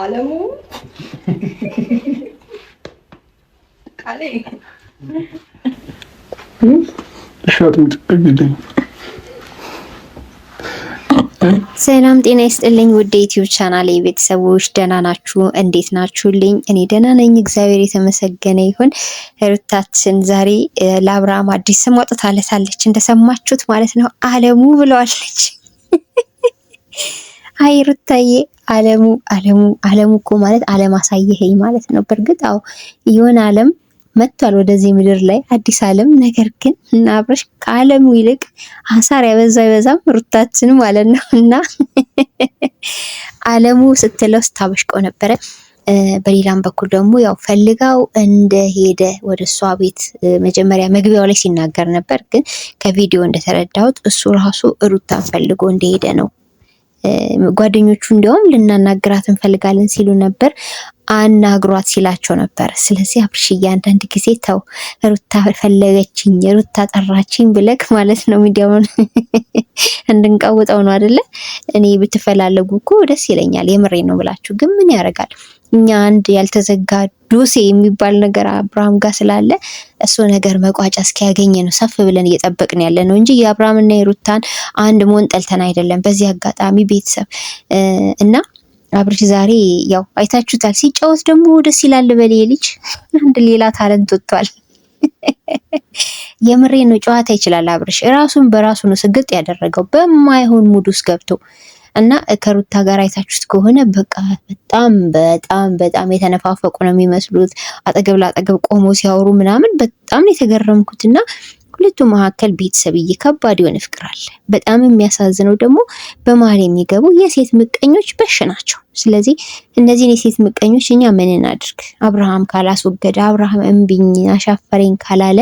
አለሙ ሰላም ጤና ይስጥልኝ። ውድ ዩቲዩብ ቻናል የቤተሰቦች ደህና ናችሁ? እንዴት ናችሁልኝ? እኔ ደህና ነኝ፣ እግዚአብሔር የተመሰገነ ይሁን። ሩታችን ዛሬ ለአብርሃም አዲስ ስም አውጥታለታለች፣ እንደሰማችሁት ማለት ነው። አለሙ ብለዋለች። አይ ሩታዬ አለሙ አለሙ አለሙ እኮ ማለት አለም አሳየኸኝ ማለት ነው። በእርግጥ አዎ የሆነ አለም መጥቷል ወደዚህ ምድር ላይ አዲስ አለም። ነገር ግን እና አብረሽ ከአለሙ ይልቅ አሳር ያበዛ ይበዛም ሩታችን ማለት ነው እና አለሙ ስትለው ስታበሽቀው ነበረ። በሌላም በኩል ደግሞ ያው ፈልጋው እንደሄደ ወደ እሷ ቤት መጀመሪያ መግቢያው ላይ ሲናገር ነበር። ግን ከቪዲዮ እንደተረዳሁት እሱ ራሱ ሩታን ፈልጎ እንደሄደ ነው ጓደኞቹ እንዲያውም ልናናግራት እንፈልጋለን ሲሉ ነበር። አናግሯት ሲላቸው ነበር። ስለዚህ አብርሽ እያንዳንድ ጊዜ ተው ሩታ ፈለገችኝ፣ ሩታ ጠራችኝ ብለክ ማለት ነው ሚዲያውን እንድንቀውጠው ነው አይደለ? እኔ ብትፈላለጉ እኮ ደስ ይለኛል፣ የምሬ ነው ብላችሁ ግን ምን ያደርጋል እኛ አንድ ያልተዘጋ ዱሴ የሚባል ነገር አብርሃም ጋር ስላለ እሱ ነገር መቋጫ እስኪያገኘ ነው ሰፍ ብለን እየጠበቅን ያለ ነው እንጂ የአብርሃምና የሩታን አንድ መሆን ጠልተን አይደለም። በዚህ አጋጣሚ ቤተሰብ እና አብርሽ ዛሬ ያው አይታችሁታል። ሲጫወት ደግሞ ደስ ይላል። በሌ ልጅ አንድ ሌላ ታለንት ወጥቷል። የምሬ ነው። ጨዋታ ይችላል አብርሽ። ራሱን በራሱ ነው ስግጥ ያደረገው በማይሆን ሙድ ውስጥ ገብቶ እና ከሩታ ጋር አይታችሁት ከሆነ በቃ በጣም በጣም በጣም የተነፋፈቁ ነው የሚመስሉት። አጠገብ ለአጠገብ ቆሞ ሲያወሩ ምናምን በጣም ነው የተገረምኩት እና ሁለቱ መካከል ቤተሰብዬ ከባድ የሆነ ፍቅር አለ። በጣም የሚያሳዝነው ደግሞ በመሀል የሚገቡ የሴት ምቀኞች በሽ ናቸው። ስለዚህ እነዚህን የሴት ምቀኞች እኛ ምን እናድርግ? አብርሃም ካላስወገደ፣ አብርሃም እምቢኝ አሻፈረኝ ካላለ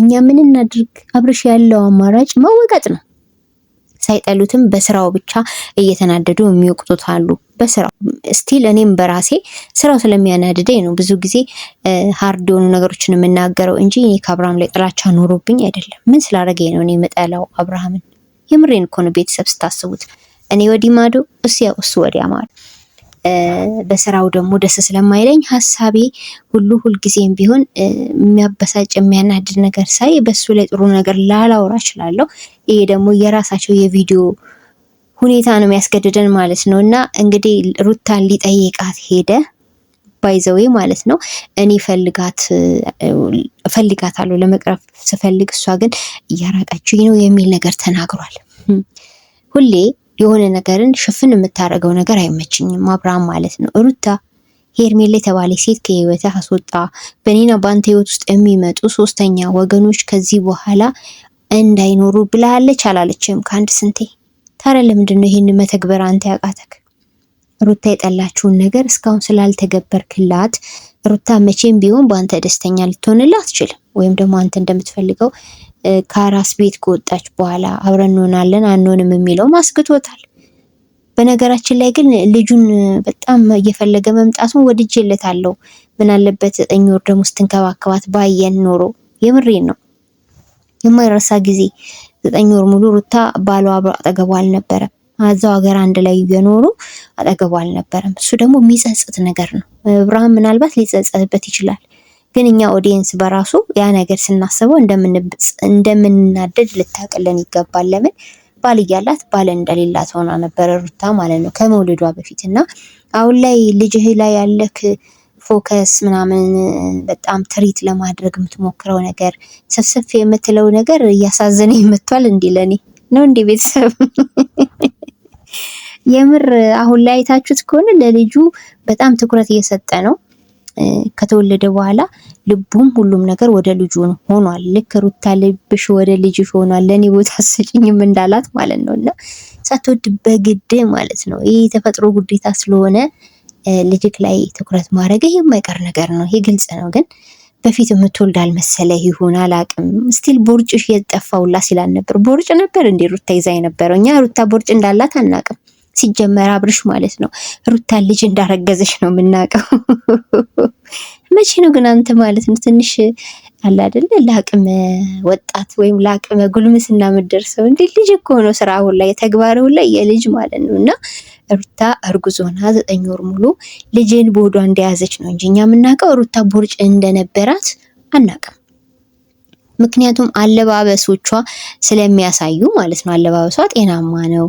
እኛ ምን እናድርግ? አብርሽ ያለው አማራጭ መወቀጥ ነው። ሳይጠሉትም በስራው ብቻ እየተናደዱ የሚወቅጡት አሉ። በስራው ስቲል እኔም በራሴ ስራው ስለሚያናድደኝ ነው ብዙ ጊዜ ሀርድ የሆኑ ነገሮችን የምናገረው እንጂ እኔ ከአብርሃም ላይ ጥላቻ ኖሮብኝ አይደለም። ምን ስላደረገኝ ነው እኔ የምጠላው አብርሃምን? የምሬን እኮ ነው ቤተሰብ ስታስቡት፣ እኔ ወዲህ ማዶ እሱ ያው እሱ ወዲያ ማዶ በስራው ደግሞ ደስ ስለማይለኝ ሀሳቤ ሁሉ ሁልጊዜም ቢሆን የሚያበሳጭ የሚያናድድ ነገር ሳይ በሱ ላይ ጥሩ ነገር ላላውራ እችላለሁ። ይሄ ደግሞ የራሳቸው የቪዲዮ ሁኔታ ነው የሚያስገድደን ማለት ነው። እና እንግዲህ ሩታን ሊጠይቃት ሄደ ባይዘዌ ማለት ነው። እኔ ፈልጋት እፈልጋታለሁ ለመቅረብ ስፈልግ እሷ ግን እያራቃችኝ ነው የሚል ነገር ተናግሯል። hm። ሁሌ የሆነ ነገርን ሽፍን የምታደርገው ነገር አይመችኝም አብርሃም ማለት ነው። ሩታ ሄርሜላ የተባለ ሴት ከህይወት አስወጣ። በኔና በአንተ ህይወት ውስጥ የሚመጡ ሶስተኛ ወገኖች ከዚህ በኋላ እንዳይኖሩ ብላለች አላለችም? ከአንድ ስንቴ ታዲያ ለምንድን ነው ይህን መተግበር አንተ ያቃተክ? ሩታ የጠላችውን ነገር እስካሁን ስላልተገበርክላት ሩታ መቼም ቢሆን በአንተ ደስተኛ ልትሆንልህ አትችልም። ወይም ደግሞ አንተ እንደምትፈልገው ከአራስ ቤት ከወጣች በኋላ አብረን እንሆናለን አንሆንም የሚለው ማስግቶታል። በነገራችን ላይ ግን ልጁን በጣም እየፈለገ መምጣቱን ወድጄለታለሁ። ምን አለበት ዘጠኝ ወር ደግሞ ስትንከባከባት ባየን ኖሮ የምሬን ነው የማይረሳ ጊዜ ዘጠኝ ወር ሙሉ ሩታ ባሏ አብሮ አጠገቡ አልነበረም። አዛው ሀገር አንድ ላይ እየኖሩ አጠገቡ አልነበረም። እሱ ደግሞ የሚጸጽት ነገር ነው። ብርሃም ምናልባት ሊጸጸትበት ይችላል። ግን እኛ ኦዲየንስ በራሱ ያ ነገር ስናስበው እንደምንናደድ ልታቅልን ይገባል። ለምን ባል እያላት ባል እንደሌላት ሆና ነበረ ሩታ ማለት ነው ከመውለዷ በፊት እና አሁን ላይ ልጅህ ላይ ያለክ ፎከስ ምናምን በጣም ትሪት ለማድረግ የምትሞክረው ነገር ሰብሰብ የምትለው ነገር እያሳዘነ መጥቷል። እንዲህ ለኔ ነው እንዲህ ቤተሰብ የምር አሁን ላይ አይታችሁት ከሆነ ለልጁ በጣም ትኩረት እየሰጠ ነው። ከተወለደ በኋላ ልቡም ሁሉም ነገር ወደ ልጁ ሆኗል። ልክ ሩታ ልብሽ ወደ ልጅሽ ሆኗል ለእኔ ቦታ አሰጭኝም እንዳላት ማለት ነው እና ሳትወድ በግድ ማለት ነው ይህ የተፈጥሮ ግዴታ ስለሆነ ልጅክ ላይ ትኩረት ማድረግ የማይቀር ነገር ነው። ይሄ ግልጽ ነው። ግን በፊት የምትወልድ አልመሰለ ይሁን አላቅም። ስቲል ቦርጭሽ የጠፋውላ ሲላል ነበር። ቦርጭ ነበር እንዴ ሩታ ይዛ የነበረው? እኛ ሩታ ቦርጭ እንዳላት አናቅም። ሲጀመር አብርሽ ማለት ነው ሩታን ልጅ እንዳረገዘች ነው የምናውቀው። መቼ ነው ግን አንተ ማለት ነው ትንሽ አለ አይደለ ለአቅመ ወጣት ወይም ለአቅመ ጉልምስና የምትደርሰው እንዴ ልጅ እኮ ነው። ስራ አሁን ላይ የተግባር አሁን ላይ የልጅ ማለት ነው። እና ሩታ እርጉዝ ዘጠኝ ወር ሙሉ ልጅን በሆዷ እንደያዘች ነው እንጂ እኛ የምናውቀው ሩታ ቦርጭ እንደነበራት አናውቅም። ምክንያቱም አለባበሶቿ ስለሚያሳዩ ማለት ነው። አለባበሷ ጤናማ ነው።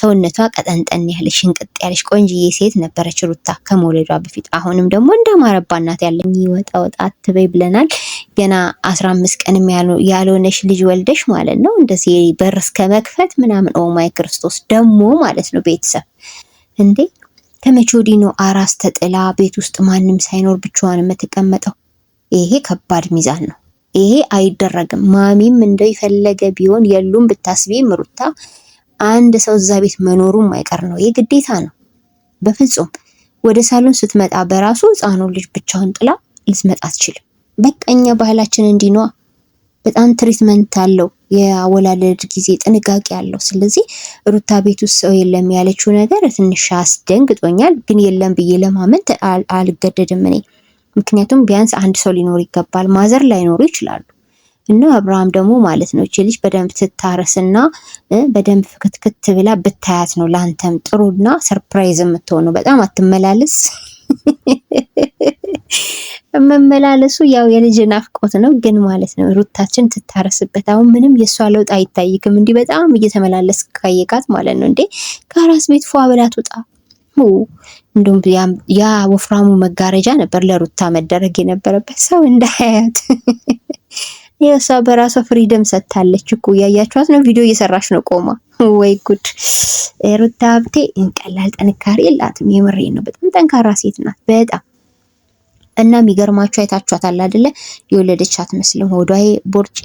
ሰውነቷ ቀጠንጠን ያለች ሽንቅጥ ያለች ቆንጅዬ ሴት ነበረች ሩታ ከመውለዷ በፊት። አሁንም ደግሞ እንዳማረባት እናት ያለኝ ወጣ ወጣ ትበይ ብለናል። ገና አስራ አምስት ቀንም ያልሆነሽ ልጅ ወልደሽ ማለት ነው እንደዚህ በር እስከ መክፈት ምናምን። ኦማይ ክርስቶስ ደግሞ ማለት ነው ቤተሰብ እንዴ ከመቼ ወዲህ ነው አራስ ተጥላ ቤት ውስጥ ማንም ሳይኖር ብቻዋን የምትቀመጠው? ይሄ ከባድ ሚዛን ነው። ይሄ አይደረግም። ማሚም እንደው የፈለገ ቢሆን የሉም ብታስቢም ሩታ አንድ ሰው እዛ ቤት መኖሩም አይቀር ነው። ይሄ ግዴታ ነው። በፍጹም ወደ ሳሎን ስትመጣ በራሱ ህፃኑ ልጅ ብቻውን ጥላ ልትመጣ አትችልም። በቃ እኛ ባህላችን እንዲህ በጣም ትሪትመንት አለው የአወላለድ ጊዜ ጥንቃቄ አለው። ስለዚህ ሩታ ቤት ውስጥ ሰው የለም ያለችው ነገር ትንሽ አስደንግጦኛል፣ ግን የለም ብዬ ለማመን አልገደድም እኔ ምክንያቱም ቢያንስ አንድ ሰው ሊኖር ይገባል። ማዘር ላይኖሩ ይችላሉ እና አብርሃም ደግሞ ማለት ነው እቺ ልጅ በደንብ ትታረስና በደንብ ፍክትክት ብላ ብታያት ነው ለአንተም ጥሩና ሰርፕራይዝ የምትሆነው። በጣም አትመላለስ። መመላለሱ ያው የልጅ ናፍቆት ነው፣ ግን ማለት ነው ሩታችን ትታረስበት። አሁን ምንም የእሷ ለውጥ አይታይክም። እንዲህ በጣም እየተመላለስ ካየቃት ማለት ነው እንዴ ከአራስ ቤት ፏ ብላ ትውጣ። ደግሞ እንዲሁም ያ ወፍራሙ መጋረጃ ነበር ለሩታ መደረግ የነበረበት ሰው እንዳያያት። የእሷ በራሷ ፍሪደም ሰጥታለች እኮ እያያችኋት ነው። ቪዲዮ እየሰራች ነው ቆማ። ወይ ጉድ! ሩታ ሀብቴ እንቀላል ጥንካሬ የላትም። የምሬ ነው። በጣም ጠንካራ ሴት ናት። በጣም እና የሚገርማችሁ አይታችኋታል አይደለ? የወለደች አትመስልም። ወዷ ቦርጭ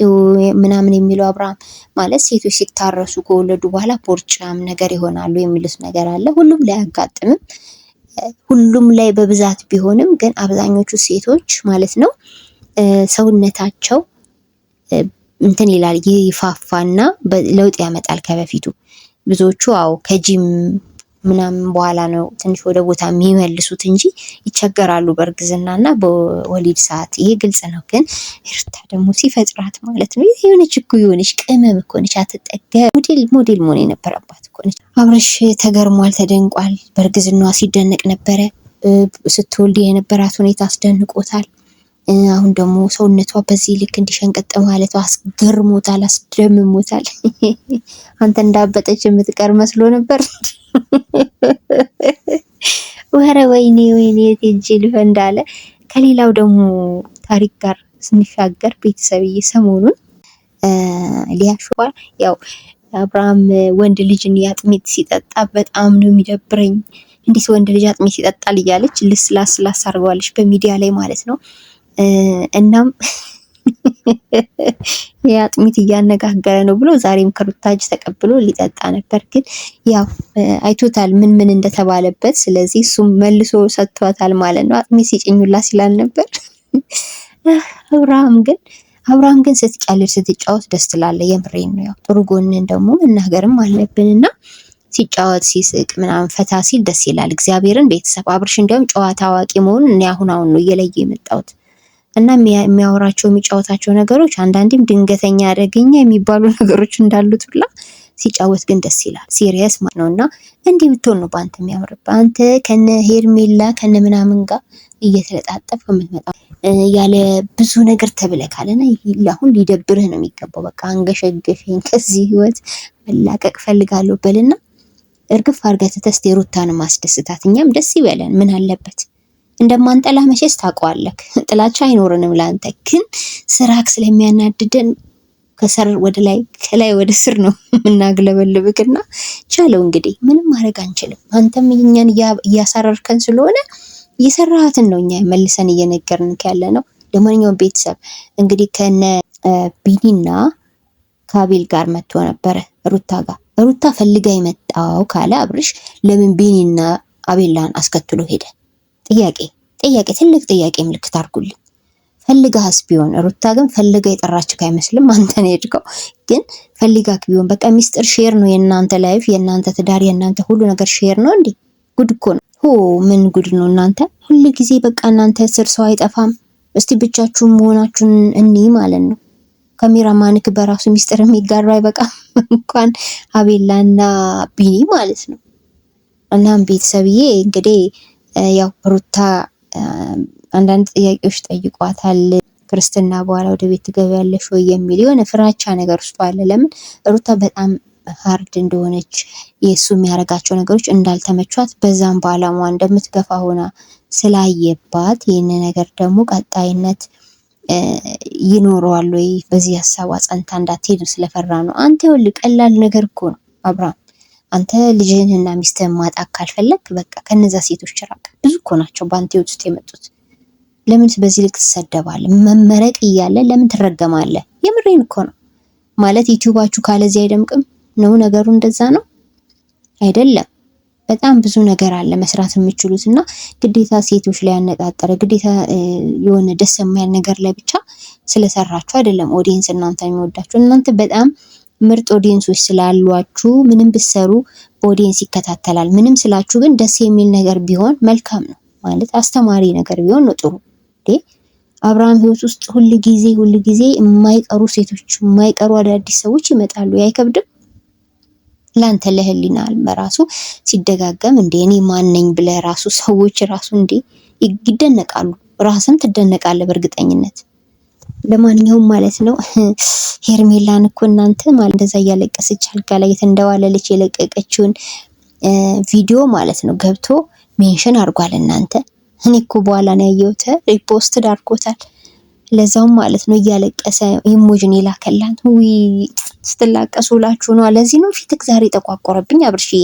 ምናምን የሚለው አብርሃም ማለት ሴቶች ሲታረሱ ከወለዱ በኋላ ቦርጫም ነገር ይሆናሉ የሚሉት ነገር አለ። ሁሉም ላይ አያጋጥምም፣ ሁሉም ላይ በብዛት ቢሆንም ግን አብዛኞቹ ሴቶች ማለት ነው ሰውነታቸው እንትን ይላል ይፋፋና ለውጥ ያመጣል ከበፊቱ ብዙዎቹ አዎ ከጂም ምናምን በኋላ ነው ትንሽ ወደ ቦታ የሚመልሱት እንጂ ይቸገራሉ በእርግዝና እና በወሊድ ሰዓት። ይሄ ግልጽ ነው። ግን ሩታ ደግሞ ሲፈጥራት ማለት ነው የሆነች እኮ የሆነች ቅመም እኮ ነች። ሞዴል ሞዴል መሆን የነበረባት እኮ ነች። አብረሽ ተገርሟል፣ ተደንቋል። በእርግዝናዋ ሲደነቅ ነበረ። ስትወልድ የነበራት ሁኔታ አስደንቆታል። አሁን ደግሞ ሰውነቷ በዚህ ልክ እንዲሸንቀጥ ማለቷ አስገርሞታል፣ አስደምሞታል። አንተ እንዳበጠች የምትቀር መስሎ ነበር። ወረ ወይኔ ወይኔ ቴጅ ልፈ እንዳለ ከሌላው ደግሞ ታሪክ ጋር ስንሻገር ቤተሰብዬ ሰሞኑን ሊያሸዋ ያው አብርሃም ወንድ ልጅን አጥሚት ሲጠጣ በጣም ነው የሚደብረኝ፣ እንዲህ ወንድ ልጅ አጥሚት ይጠጣል እያለች ልስላስላስ አድርገዋለች በሚዲያ ላይ ማለት ነው። እናም የአጥሚት እያነጋገረ ነው ብሎ ዛሬም ከሩታጅ ተቀብሎ ሊጠጣ ነበር። ግን ያው አይቶታል ምን ምን እንደተባለበት። ስለዚህ እሱም መልሶ ሰጥቷታል ማለት ነው። አጥሚት ሲጭኙላ ሲላል ነበር። አብርሃም ግን አብርሃም ግን ስትቀልድ ስትጫወት ደስ ትላለ። የምሬን ነው። ያው ጥሩ ጎንን ደግሞ መናገርም አለብን እና ሲጫወት ሲስቅ ምናምን ፈታ ሲል ደስ ይላል። እግዚአብሔርን ቤተሰብ አብርሽ እንዲያውም ጨዋታ አዋቂ መሆኑን እኔ አሁን አሁን ነው እየለየ የመጣሁት። እና የሚያወራቸው የሚጫወታቸው ነገሮች አንዳንዴም ድንገተኛ አደገኛ የሚባሉ ነገሮች እንዳሉት ሁላ ሲጫወት ግን ደስ ይላል። ሲሪየስ ማለት ነው እና እንዲህ ብትሆን ነው በአንተ የሚያምርብህ። አንተ ከነ ሄርሜላ ከነ ምናምን ጋር እየተለጣጠፍ ከምትመጣ ያለ ብዙ ነገር ተብለካል እና አሁን ሊደብርህ ነው የሚገባው። በቃ አንገሸገሸኝ፣ ከዚህ ህይወት መላቀቅ ፈልጋለሁ በልና እርግፍ አድርገህ ትተህ እስኪ ሩታን ማስደስታት። እኛም ደስ ይበለን ምን አለበት። እንደማንጠላ መቼስ ታውቀዋለህ። ጥላቻ አይኖርንም ለአንተ ግን ስራክ ስለሚያናድደን ከሰር ወደ ላይ ከላይ ወደ ስር ነው የምናግለበልብክና ቻለው እንግዲህ ምንም ማድረግ አንችልም። አንተም እኛን እያሳረርከን ስለሆነ የሰራሃትን ነው እኛ መልሰን እየነገርንክ ያለ ነው። ለማንኛውም ቤተሰብ እንግዲህ ከነ ቢኒና ካቤል ጋር መጥቶ ነበረ ሩታ ጋር ሩታ ፈልጋ የመጣው ካለ አብርሽ ለምን ቢኒና አቤላን አስከትሎ ሄደ? ጥያቄ ጥያቄ ትልቅ ጥያቄ ምልክት አድርጉልኝ። ፈልጋህስ ቢሆን ሩታ ግን ፈልጋ የጠራችሁ አይመስልም። አንተ ነው የሄድከው፣ ግን ፈልጋክ ቢሆን በቃ ሚስጥር ሼር ነው የእናንተ ላይፍ፣ የእናንተ ትዳር፣ የእናንተ ሁሉ ነገር ሼር ነው እንዴ! ጉድ እኮ ነው። ሆ ምን ጉድ ነው እናንተ! ሁሉ ጊዜ በቃ እናንተ ስር ሰው አይጠፋም። እስቲ ብቻችሁን መሆናችሁን እንይ ማለት ነው። ካሜራ ማንክ በራሱ ሚስጥር የሚጋራ አይበቃም እንኳን አቤላና ቢኒ ማለት ነው። እናም ቤተሰብዬ እንግዲህ ያው ሩታ አንዳንድ ጥያቄዎች ጠይቋታል። ክርስትና በኋላ ወደ ቤት ትገቢያለሽ ወይ የሚል የሆነ ፍራቻ ነገር ውስጥ አለ። ለምን ሩታ በጣም ሀርድ እንደሆነች የእሱ የሚያደርጋቸው ነገሮች እንዳልተመቿት በዛም በአላሟ እንደምትገፋ ሆና ስላየባት ይህን ነገር ደግሞ ቀጣይነት ይኖረዋል ወይ በዚህ ሀሳቧ ጸንታ እንዳትሄድ ስለፈራ ነው። አንተ ይኸውልህ ቀላል ነገር እኮ ነው አብርሃም አንተ ልጅህንና ሚስትህን ማጣት ካልፈለግ በቃ ከነዛ ሴቶች ራቅ። ብዙ እኮ ናቸው በአንተ ህይወት ውስጥ የመጡት። ለምን በዚህ ልክ ትሰደባለህ? መመረቅ እያለ ለምን ትረገማለህ? የምሬን እኮ ነው። ማለት ዩቲዩባችሁ ካለዚህ አይደምቅም ነው ነገሩ። እንደዛ ነው አይደለም። በጣም ብዙ ነገር አለ መስራት የምችሉት እና ግዴታ ሴቶች ላይ ያነጣጠረ ግዴታ የሆነ ደስ የማያል ነገር ላይ ብቻ ስለሰራችሁ አይደለም ኦዲየንስ እናንተ የሚወዳችሁ እናንተ በጣም ምርጥ ኦዲየንሶች ስላሏችሁ ምንም ብትሰሩ በኦዲየንስ ይከታተላል። ምንም ስላችሁ ግን ደስ የሚል ነገር ቢሆን መልካም ነው ማለት አስተማሪ ነገር ቢሆን ነው ጥሩ። አብርሃም ህይወት ውስጥ ሁል ጊዜ ሁል ጊዜ የማይቀሩ ሴቶች የማይቀሩ አዳዲስ ሰዎች ይመጣሉ። አይከብድም? ላንተ ለህሊና በራሱ ሲደጋገም እንደ እኔ ማነኝ ብለ ራሱ ሰዎች ራሱ እንዴ ይደነቃሉ። ራስም ትደነቃለ በእርግጠኝነት ለማንኛውም ማለት ነው ሄርሜላን እኮ እናንተ ማለት እንደዛ እያለቀሰች አልጋ ላይ የተንደዋለለች የለቀቀችውን ቪዲዮ ማለት ነው ገብቶ ሜንሽን አድርጓል። እናንተ እኔ እኮ በኋላ ነው ያየሁት፣ ሪፖስት አድርጎታል። ለዛውም ማለት ነው እያለቀሰ ኢሞጂን የላከላት ዊ ስትላቀሱ ሁላችሁ ነው። ለዚህ ነው ፊትክ ዛሬ ጠቋቆረብኝ አብርሽዬ፣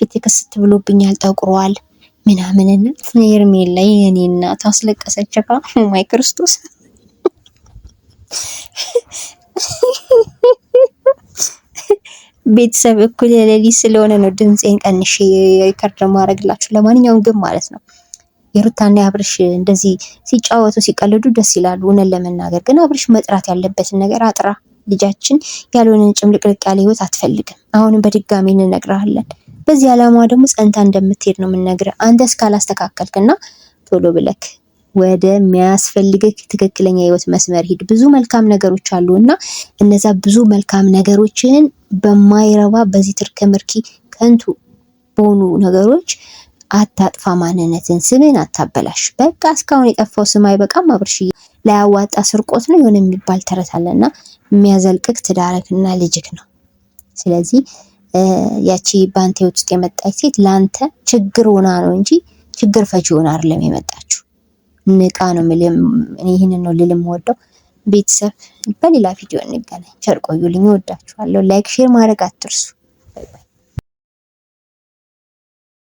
ፊትክ ስት ብሎብኛል፣ ጠቁሯል ምናምንና ሄርሜላ የኔ እናት አስለቀሰች። ማይ ክርስቶስ ቤተሰብ እኩል የሌሊት ስለሆነ ነው ድምፄን ቀንሽ ሪከርድ ማድረግላችሁ። ለማንኛውም ግን ማለት ነው የሩታና የአብርሽ እንደዚህ ሲጫወቱ ሲቀልዱ ደስ ይላሉ። እውነት ለመናገር ግን አብርሽ መጥራት ያለበትን ነገር አጥራ። ልጃችን ያልሆነን ጭምልቅልቅ ያለ ህይወት አትፈልግም። አሁንም በድጋሚ እንነግርሃለን። በዚህ ዓላማ ደግሞ ጸንታ እንደምትሄድ ነው የምንነግርህ። አንተ እስካላስተካከልክና ቶሎ ብለክ ወደሚያስፈልግህ ትክክለኛ ህይወት መስመር ሂድ። ብዙ መልካም ነገሮች አሉ እና እነዛ ብዙ መልካም ነገሮችን በማይረባ በዚህ ትርከምርኪ ከንቱ በሆኑ ነገሮች አታጥፋ። ማንነትን፣ ስምን አታበላሽ። በቃ እስካሁን የጠፋው ስም አይበቃም አብርሽዬ። ላያዋጣ ስርቆት ነው የሆነ የሚባል ተረት አለና የሚያዘልቅክ ትዳረክ ትዳረክና ልጅክ ነው። ስለዚህ ያቺ በአንተ ህይወት ውስጥ የመጣች ሴት ለአንተ ችግር ሆና ነው እንጂ ችግር ፈቺ ሆና አይደለም የመጣች ንቃ ነው። ይህንን ነው ልል ወደው ቤተሰብ በሌላ ቪዲዮ እንገናኝ። ቸር ቆዩልኝ። እወዳችኋለሁ። ላይክ ሼር ማድረግ አትርሱ።